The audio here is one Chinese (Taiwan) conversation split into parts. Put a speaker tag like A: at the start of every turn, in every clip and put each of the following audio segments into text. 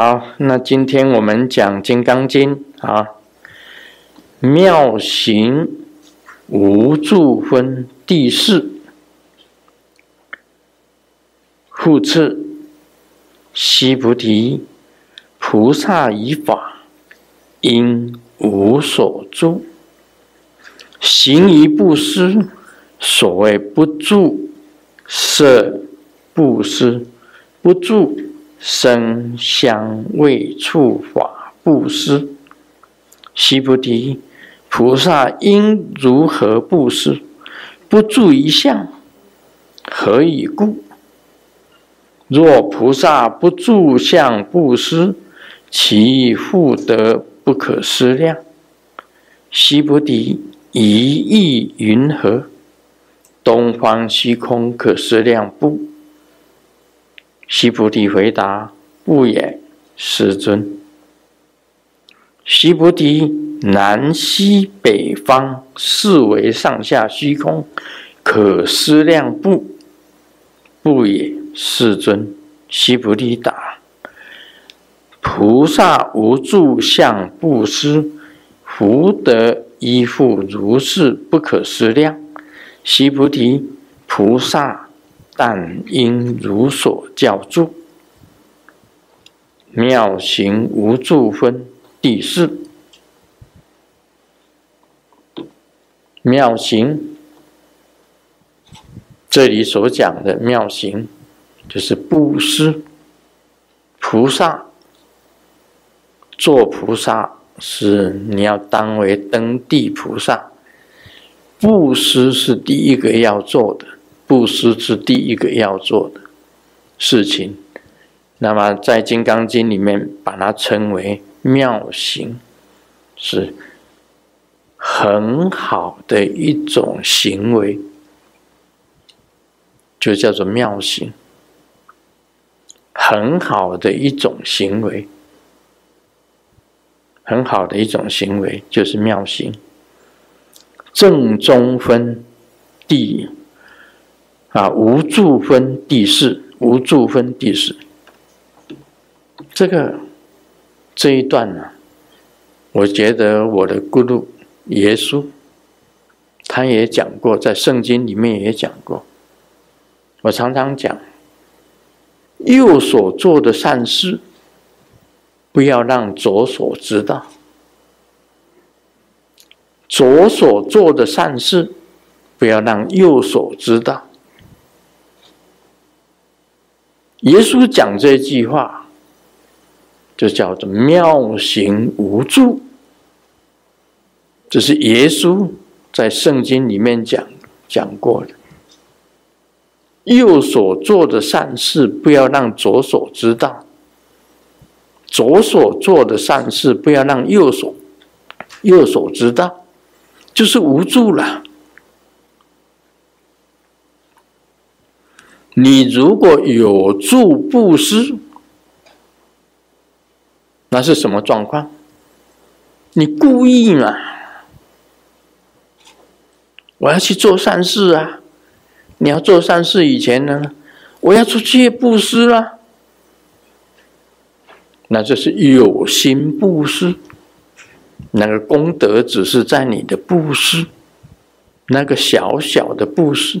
A: 好，那今天我們講《金剛經》啊，妙行無住分第四。復次，須菩提，菩薩以法應無所住，行於布施，所謂不住，色布施不住。聲香味觸法布施，須菩提，菩薩應如何布施？不住於相，何以故？若菩薩不住相布施，其福德。不可思量。須菩提，於意云何？東方虛空可思量不？須菩提回答：“不也，世尊。須菩提南西北方四維上下虛空，可思量不？不也，世尊。須菩提答：菩薩無住相布施，福德亦復如是不可思量。須菩提，菩薩。”但應如所教住，妙行無住分第四。妙行，這裡所講的妙行，就是布施。菩薩做菩薩是你要當為登地菩薩，布施是第一個要做的。布施是第一個要做的事情，那麼在《金剛經》裡面把它稱為妙行，是很好的一種行為，就叫做妙行。很好的一種行為，很好的一種行為就是妙行，正宗分第。啊，無住分第四，無住分第四。這個這一段呢、啊，我覺得我的咕嚕耶穌，他也講過，在聖經裡面也講過。我常常講，右所做的善事，不要讓左所知道；左所做的善事，不要讓右所知道。耶穌講這句話，就叫做“妙行無住”。這是耶穌在聖經裡面講講過的：右手做的善事，不要讓左手知道；左手做的善事，不要讓右手右手知道，就是無住了。你如果有住布施，那是什麼狀況？你故意嘛？我要去做善事啊！你要做善事以前呢，我要出去布施啊。那就是有心布施，那個功德只是在你的布施，那個小小的布施。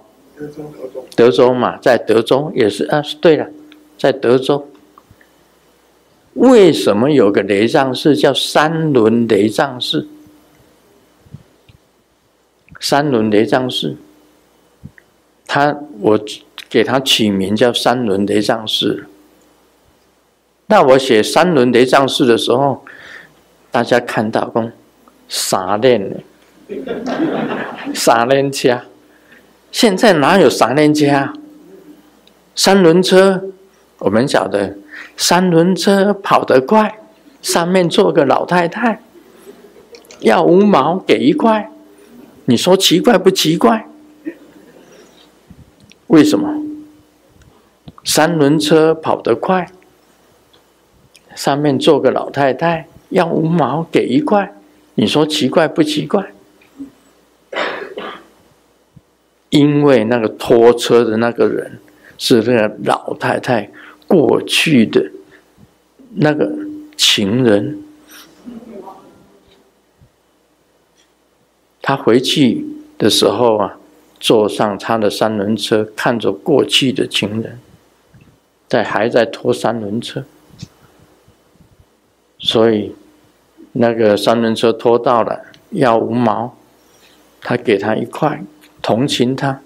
A: 德州，德，州德州嘛，在德州也是啊，是對了，在德州。為什麼有個雷藏寺叫三輪雷藏寺？三輪雷藏寺，他我給他取名叫三輪雷藏寺。那我寫三輪雷藏寺的時候，大家看到講三輪，三輪車。現在哪有三輪車啊？三輪車，我們曉得，三輪車跑得快，上面坐個老太太，要五毛給一塊，你說奇怪不奇怪？為什麼？三輪車跑得快，上面坐個老太太，要五毛給一塊，你說奇怪不奇怪？因為那個拖車的那個人是那個老太太過去的那個情人，他回去的時候啊，坐上他的三輪車，看着過去的情人，還還在拖三輪車，所以那個三輪車拖到了，要五毛，他給他一塊。同情他，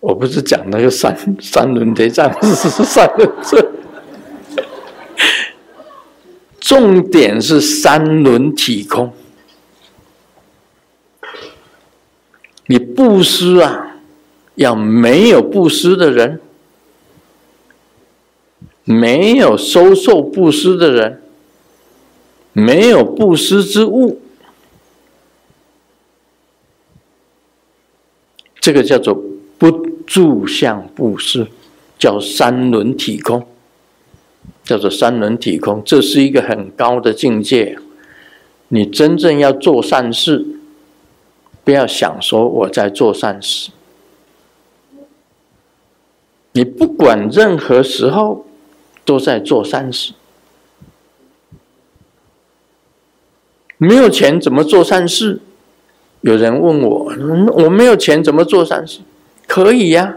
A: 我不是講那個三三輪疊是三輪車。重點是三輪體空。你布施啊，要沒有布施的人，沒有收受布施的人，沒有布施之物。這個叫做不住相布施，叫三輪體空，叫做三輪體空，這是一個很高的境界。你真正要做善事，不要想說我在做善事，你不管任何時候都在做善事。沒有錢怎麼做善事？有人問我：“我沒有錢，怎麼做善事？”可以呀、啊，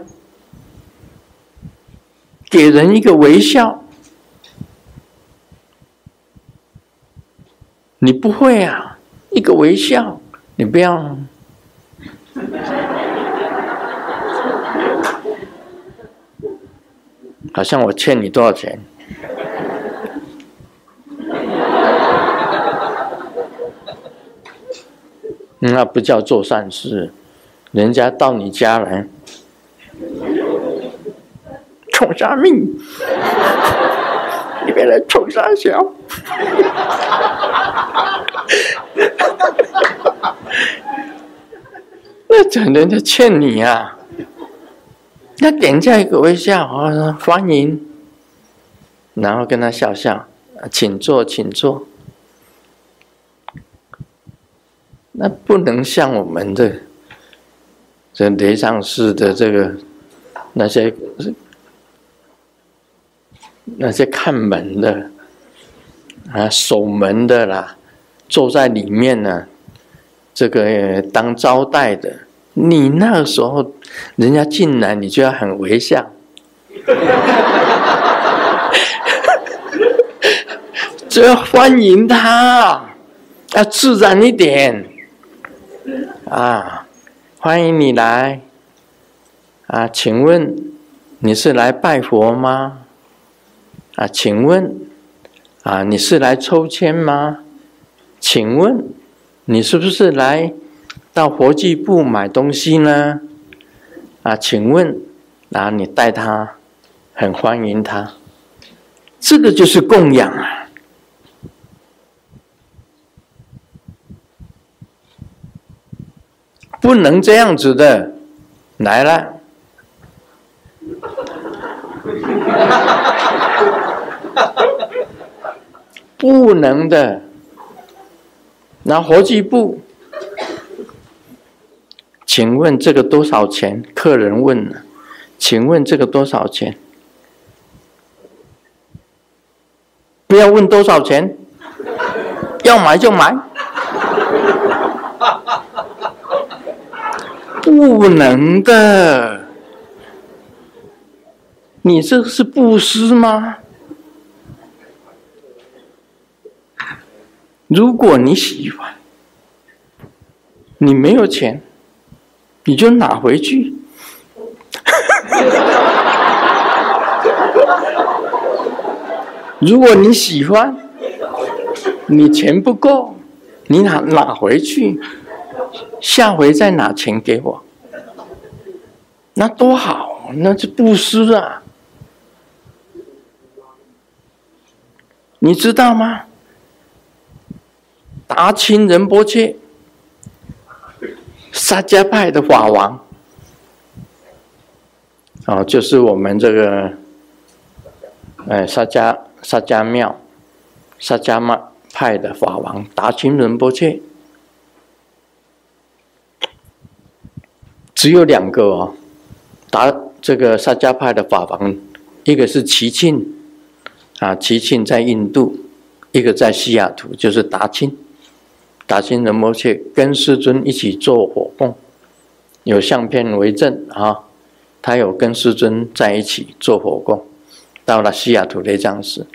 A: 給人一個微笑。你不會啊，一個微笑，你不要。 好像我欠你多少錢？那不叫做善事，人家到你家來，衝啥命？ 你別來衝啥小。那怎人家欠你啊，那點在一個微笑，歡迎，然後跟他笑笑，請坐，請坐。那不能像我們的這雷上師的這個那些那些，看門的啊，守門的啦，坐在裡面呢、啊，這個當招待的，你那個時候人家進來，你就要很微笑， 就要歡迎他，要自然一點。啊，歡迎你來。啊，請問你是來拜佛嗎？啊，請問啊，你是來抽籤嗎？請問你是不是來到佛具部買東西呢？啊，請問啊，你帶他，很歡迎他。這個就是供養啊。不能這樣子的，來了， 不能的。拿活計簿，請問這個多少錢？客人問了，請問這個多少錢？不要問多少錢，要買就買。 不能的，你這是布施嗎？如果你喜歡，你沒有錢，你就拿回去。 如果你喜歡，你錢不夠，你拿拿回去。下回再拿錢給我，那多好，那是布施啊！你知道嗎？達欽仁波切，薩迦派的法王，哦，就是我們這個，哎，薩迦薩迦廟，薩迦派的法王，達欽仁波切。只有兩個哦，達這個薩迦派的法王，一個是齊慶，啊，齊慶在印度，一個在西雅圖，就是達欽。達欽仁波切跟師尊一起做火供，有相片為證啊，他有跟師尊在一起做火供，到了西雅圖那張時，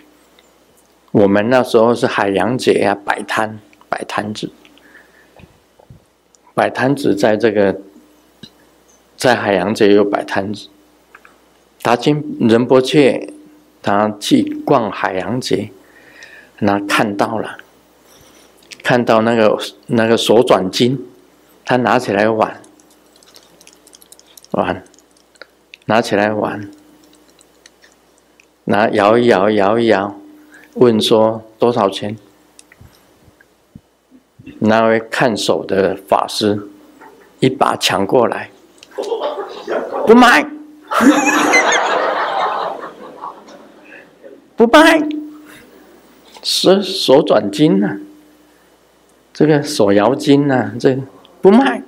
A: 我們那時候是海洋節呀，啊，擺攤擺攤子，擺攤子在這個。在海洋節有擺攤子，他進仁波切，他去逛海洋節，那看到了，看到那個那個手轉經，他拿起來玩玩，拿起來玩，拿搖一搖搖一搖，問說多少錢？那位看守的法師一把搶過來。不賣， 不賣，手手轉經吶，這個手搖經吶，這不賣。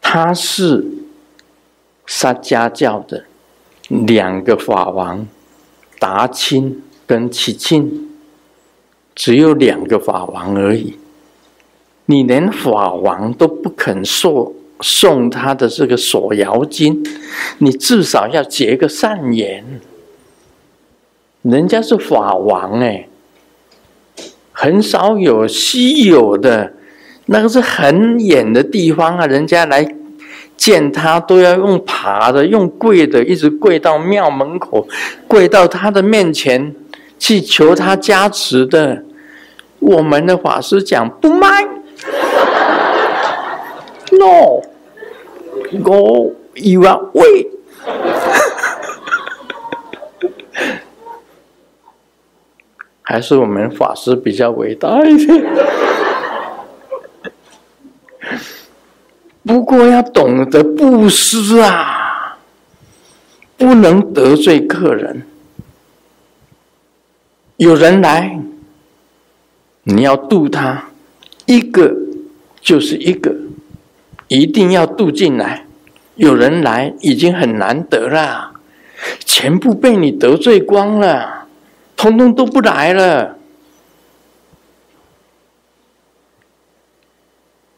A: 他是薩迦教的兩個法王達欽跟赤欽，只有兩個法王而已。你連法王都不肯送送他的這個《鎖妖經》，你至少要結個善緣。人家是法王哎、欸，很少有稀有的，那個是很遠的地方啊，人家來見他都要用爬的、用跪的，一直跪到廟門口，跪到他的面前去求他加持的。我們的法師講不賣。No，Go，You are wait， 還是我們法師比較偉大一些。 不過要懂得布施啊，不能得罪客人。有人來，你要度他，一個就是一個。一定要渡進來，有人來已經很難得了，全部被你得罪光了，通通都不來了。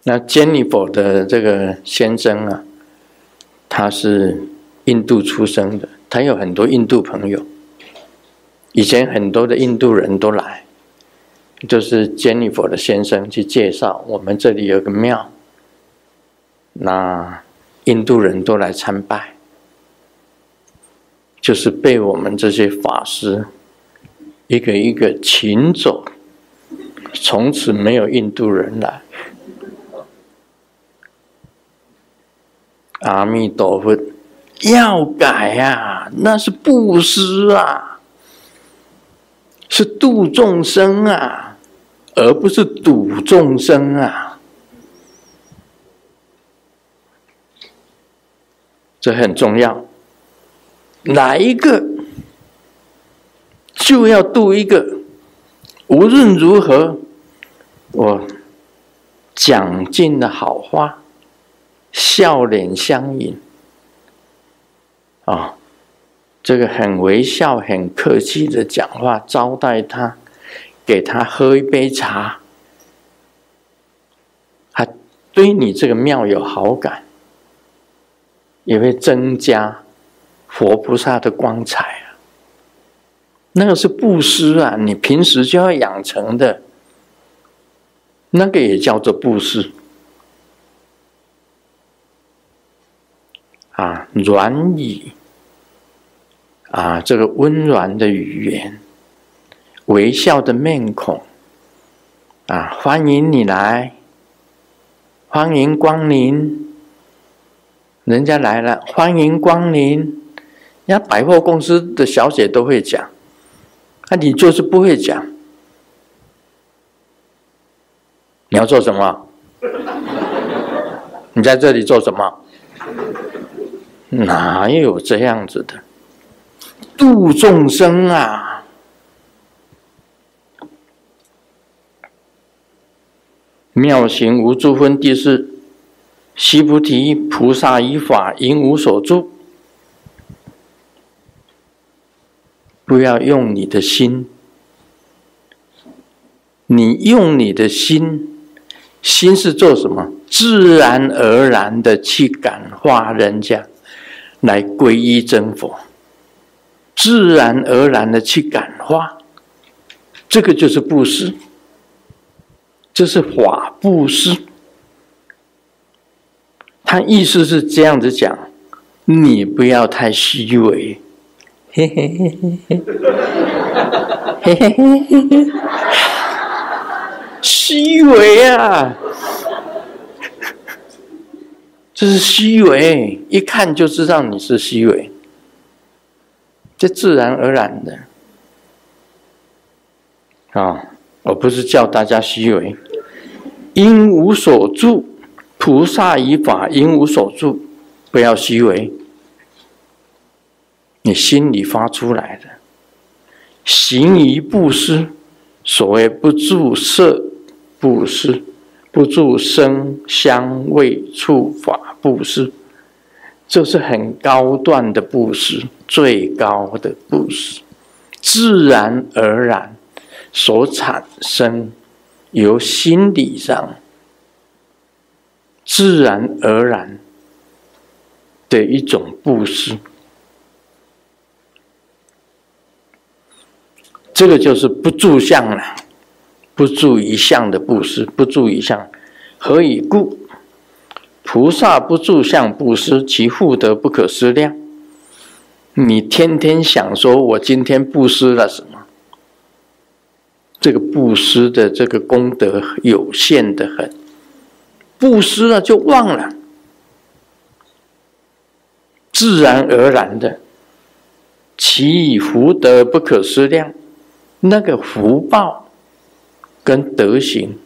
A: 那 Jennifer 的這個先生啊，他是印度出生的，他有很多印度朋友，以前很多的印度人都來，就是 Jennifer 的先生去介紹，我們這裡有個廟。那印度人都來參拜，就是被我們這些法師一個一個請走，從此沒有印度人來。阿彌陀佛，要改啊！那是布施啊，是度眾生啊，而不是堵眾生啊。這很重要。哪一個就要度一個？無論如何，我講盡的好話，笑臉相迎啊、哦！這個很微笑、很客氣的講話，招待他，給他喝一杯茶，他對你這個廟有好感。也會增加佛菩薩的光彩啊！那個是布施啊，你平時就要養成的，那個也叫做布施啊。軟語啊，這個溫軟的語言，微笑的面孔啊，歡迎你來，歡迎光臨。人家來了，歡迎光臨。人家百貨公司的小姐都會講，那、啊、你就是不會講。你要做什麼？ 你在這裡做什麼？哪有這樣子的？度眾生啊！妙行無住分第四。須菩提菩薩以法應無所住，不要用你的心，你用你的心，心是做什麼？自然而然的去感化人家，來皈依真佛，自然而然的去感化，這個就是布施，這是法布施。他意思是這樣子講，你不要太虛偽。嘿嘿嘿嘿嘿，嘿嘿嘿嘿嘿，虛偽啊，這是虛偽，一看就知道你是虛偽，這自然而然的啊、哦，我不是叫大家虛偽，應無所住。菩薩以法應無所住，不要虛偽，你心裡發出來的行於布施，所謂不住色布施，不住聲香味觸法布施，這是很高段的布施，最高的布施，自然而然所產生，由心理上。自然而然的一種布施，這個就是不住相了、啊，不住一相的布施，不住一相。何以故？菩薩不住相布施，其福德不可思量。你天天想說我今天布施了什麼，這個布施的這個功德有限的很。布施了，就忘了，自然而然的，其以福德不可思量，那個福報跟德行，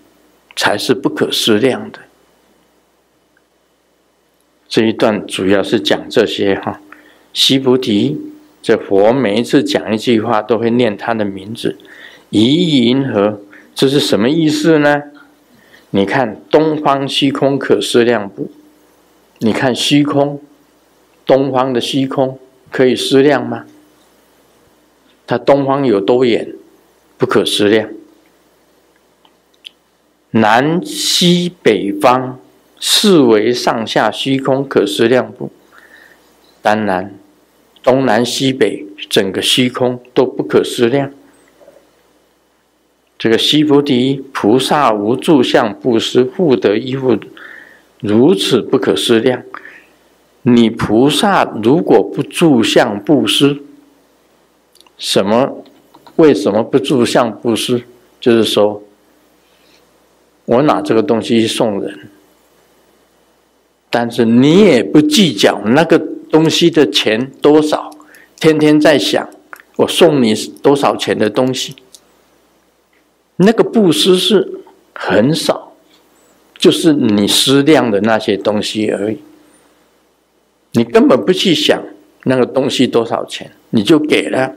A: 才是不可思量的。這一段主要是講這些哈，須菩提，這佛每一次講一句話都會念他的名字，於意云何，這是什麼意思呢？你看東方虛空可思量不？你看虛空，東方的虛空可以思量嗎？它東方有多遠？不可思量。南、西、北方四維上下虛空可思量不？當然，東南西北整個虛空都不可思量。這個須菩提，菩薩無住相布施，福德亦復如此不可思量。你菩薩如果不住相布施，什麼？為什麼不住相布施？就是說，我拿這個東西去送人，但是你也不計較那個東西的錢多少，天天在想我送你多少錢的東西。那個布施是很少，就是你思量的那些東西而已，你根本不去想那個東西多少錢，你就給了。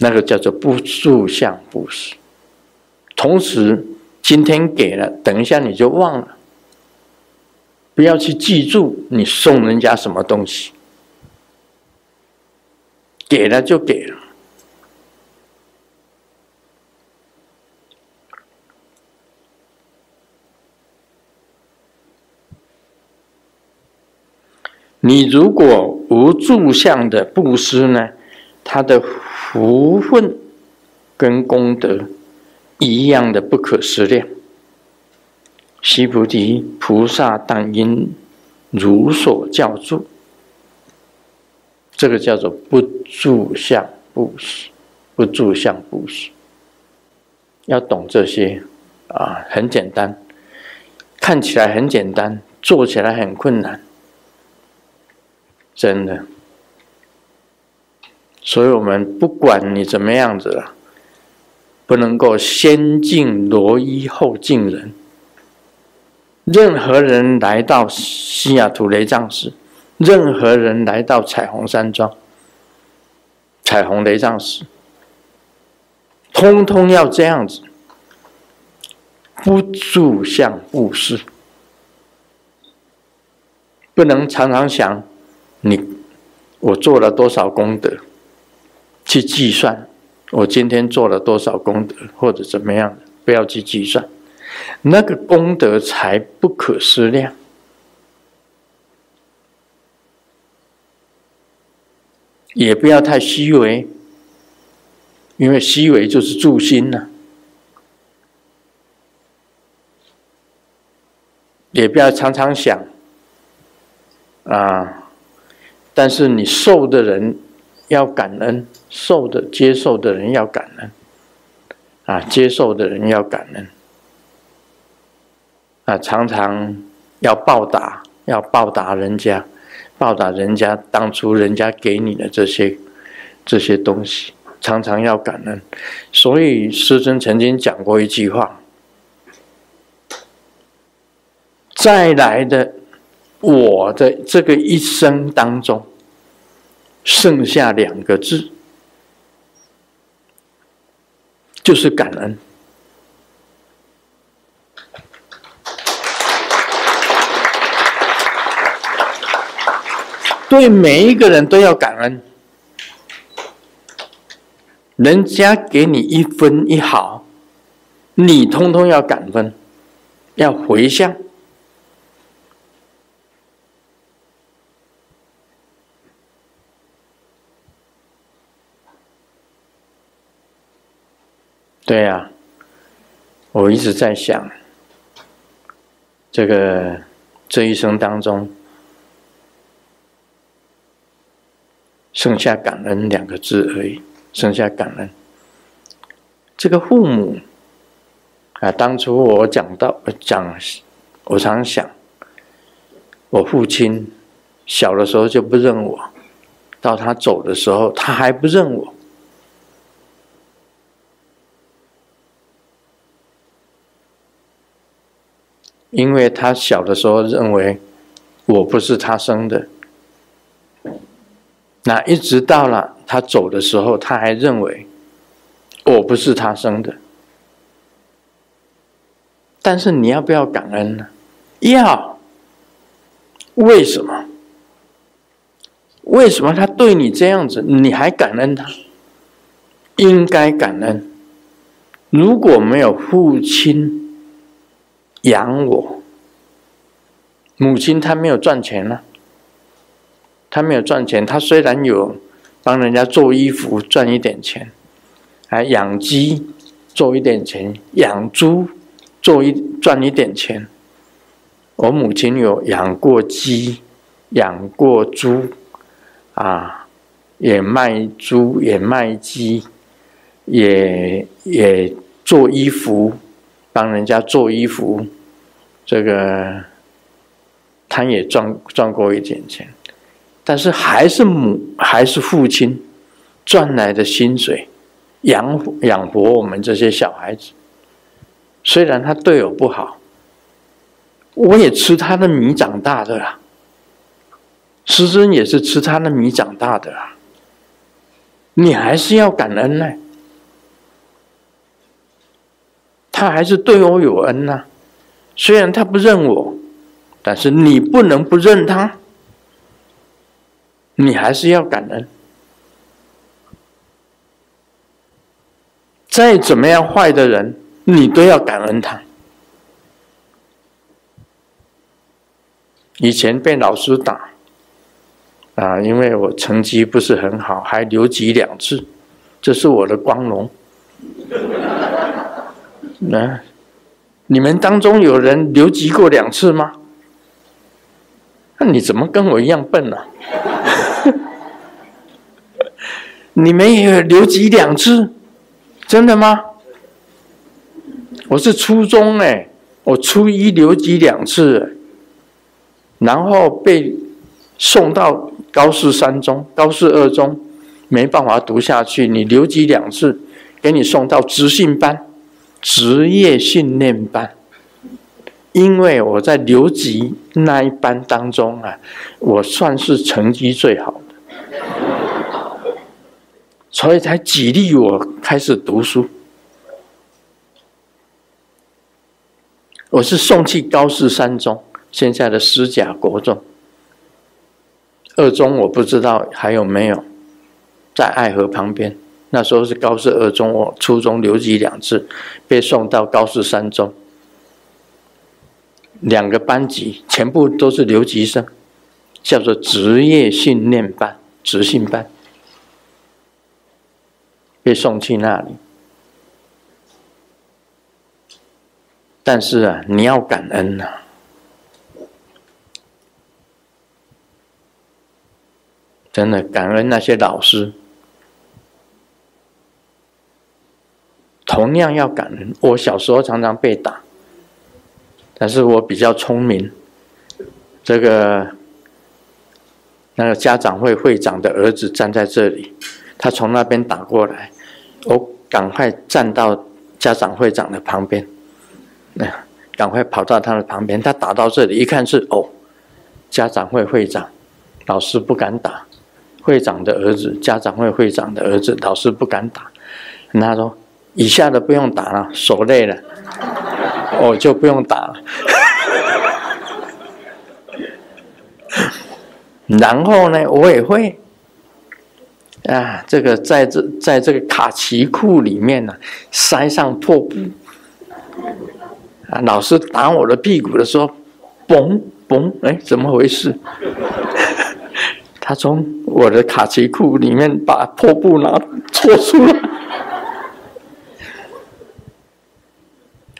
A: 那個叫做不住相布施，同時今天給了，等一下你就忘了，不要去記住你送人家什麼東西。給了就給了。你如果無住相的布施呢，他的福分跟功德一樣的不可思量。須菩提菩薩當應如所教住。這個叫做不住相布施，不住相布施，要懂這些啊，很簡單，看起來很簡單，做起來很困難，真的。所以我們不管你怎麼樣子了，不能夠先敬羅衣後敬人。任何人來到西雅圖雷藏寺。任何人來到彩虹山莊，彩虹雷藏寺，通通要這樣子，不住相布施，不能常常想你我做了多少功德去計算，我今天做了多少功德或者怎麼樣，不要去計算，那個功德才不可思量。也不要太虛偽，因為虛偽就是助心吶、啊。也不要常常想啊，但是你受的人要感恩，受的接受的人要感恩，啊，接受的人要感恩，啊，常常要報答，要報答人家。報答人家當初人家給你的這些這些東西，常常要感恩。所以師尊曾經講過一句話：再來的我的這個一生當中，剩下兩個字，就是感恩。對每一個人都要感恩，人家給你一分一毫，你通通要感恩，要回向。對呀。啊，我一直在想，這個這一生當中。剩下感恩兩個字而已，剩下感恩。這個父母啊，當初我講到講，我常想，我父親小的時候就不認我，到他走的時候，他還不認我，因為他小的時候認為我不是他生的。那一直到了他走的時候，他還認為我不是他生的。但是你要不要感恩呢？要。為什麼？為什麼他對你這樣子，你還感恩他？應該感恩。如果沒有父親養我，母親她沒有賺錢呢。他沒有賺錢，他雖然有幫人家做衣服賺一點錢，還養雞做一點錢，養豬做一賺一點錢。我母親有養過雞，養過豬，啊，也賣豬，也賣雞，也也做衣服，幫人家做衣服，這個他也賺賺過一點錢。但是還是母還是父親賺來的薪水養養活我們這些小孩子。雖然他對我不好，我也吃他的米長大的啦，啊。師尊也是吃他的米長大的啊。你還是要感恩呢。他還是對我有恩呢，啊。雖然他不認我，但是你不能不認他。你還是要感恩，再怎麼樣壞的人，你都要感恩他。以前被老師打，啊，因為我成績不是很好，還留級兩次，這是我的光榮。那， 啊，你們當中有人留級過兩次嗎？那你怎麼跟我一樣笨呢，啊？你們也留級兩次，真的嗎？我是初中哎、欸，我初一留級兩次，然後被送到高四三中、高四二中，沒辦法讀下去。你留級兩次，給你送到職訓班、職業訓練班。因為我在留級那一班當中啊，我算是成績最好的。所以才激勵我開始讀書。我是送去高市三中，現在的獅甲國中。二中我不知道還有沒有，在愛河旁邊。那時候是高市二中，我初中留級兩次，被送到高市三中。兩個班級全部都是留級生，叫做職業訓練班、職訓班。被送去那裡，但是啊，你要感恩吶！真的感恩那些老師，同樣要感恩。我小時候常常被打，但是我比較聰明。這個那個家長會會長的兒子站在這裡，他從那邊打過來。我趕快站到家長會長的旁邊，哎，趕快跑到他的旁邊。他打到這裡一看是哦，家長會會長，老師不敢打，會長的兒子，家長會會長的兒子，老師不敢打。他說：“以下的不用打了，手累了，我、 哦、就不用打了。” 然後呢，我也會。啊，這個在這，在這個卡其褲裡面呢、啊，塞上破布，啊，老師打我的屁股的時候，嘣嘣，哎、欸，怎麼回事？他從我的卡其褲裡面把破布拿搓出來，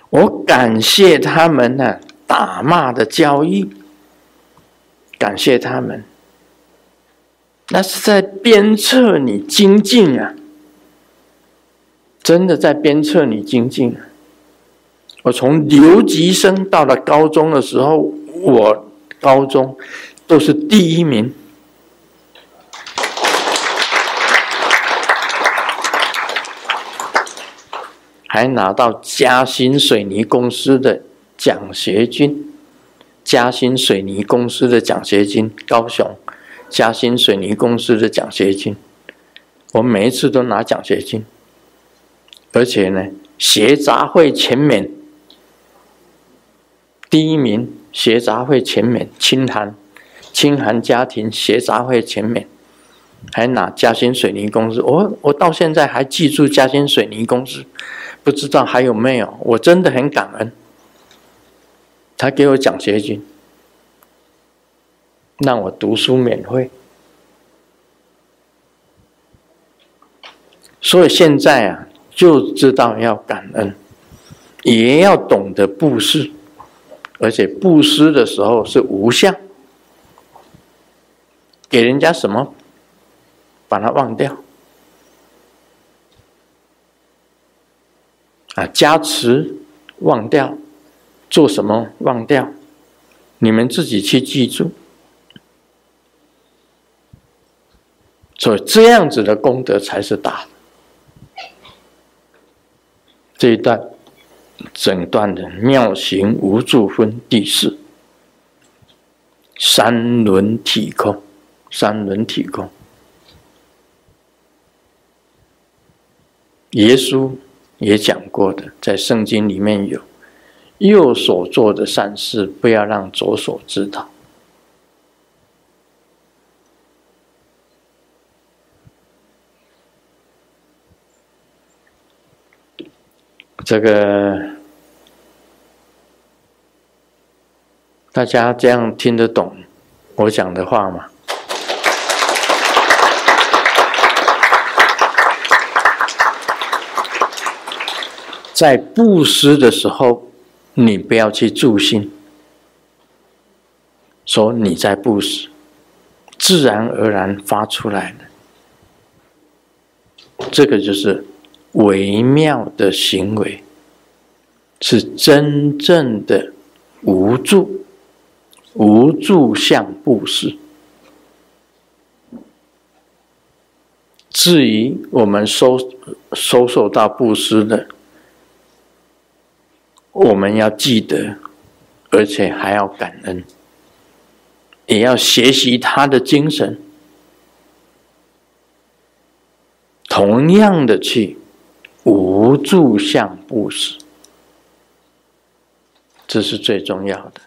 A: 我感謝他們呢、啊，打罵的教育，感謝他們。那是在鞭策你精進啊！真的在鞭策你精進啊。我從留級生到了高中的時候，我高中都是第一名，還拿到嘉新水泥公司的獎學金，嘉新水泥公司的獎學金，高雄。嘉新水泥公司的獎學金，我每一次都拿獎學金，而且呢，學雜費全免，第一名學雜費全免，清寒，清寒家庭學雜費全免，還拿嘉新水泥公司。我我到現在還記住嘉新水泥公司，不知道還有沒有？我真的很感恩，他給我獎學金。讓我讀書免費，所以現在啊，就知道要感恩，也要懂得布施，而且布施的時候是無相，給人家什麼，把它忘掉，啊，加持忘掉，做什麼忘掉，你們自己去記住。所以這樣子的功德才是大。這一段整段的妙行無住分第四，三輪體空，三輪體空。耶穌也講過的，在聖經裡面有，右手做的善事，不要讓左手知道。這個大家這樣聽得懂我講的話嗎？在布施的時候，你不要去住心，說你在布施，自然而然發出來的，這個就是。微妙的行為是真正的無住，無住相布施。至於我們收收受到布施的，我們要記得，而且還要感恩，也要學習他的精神，同樣的去。無住相布施，這是最重要的。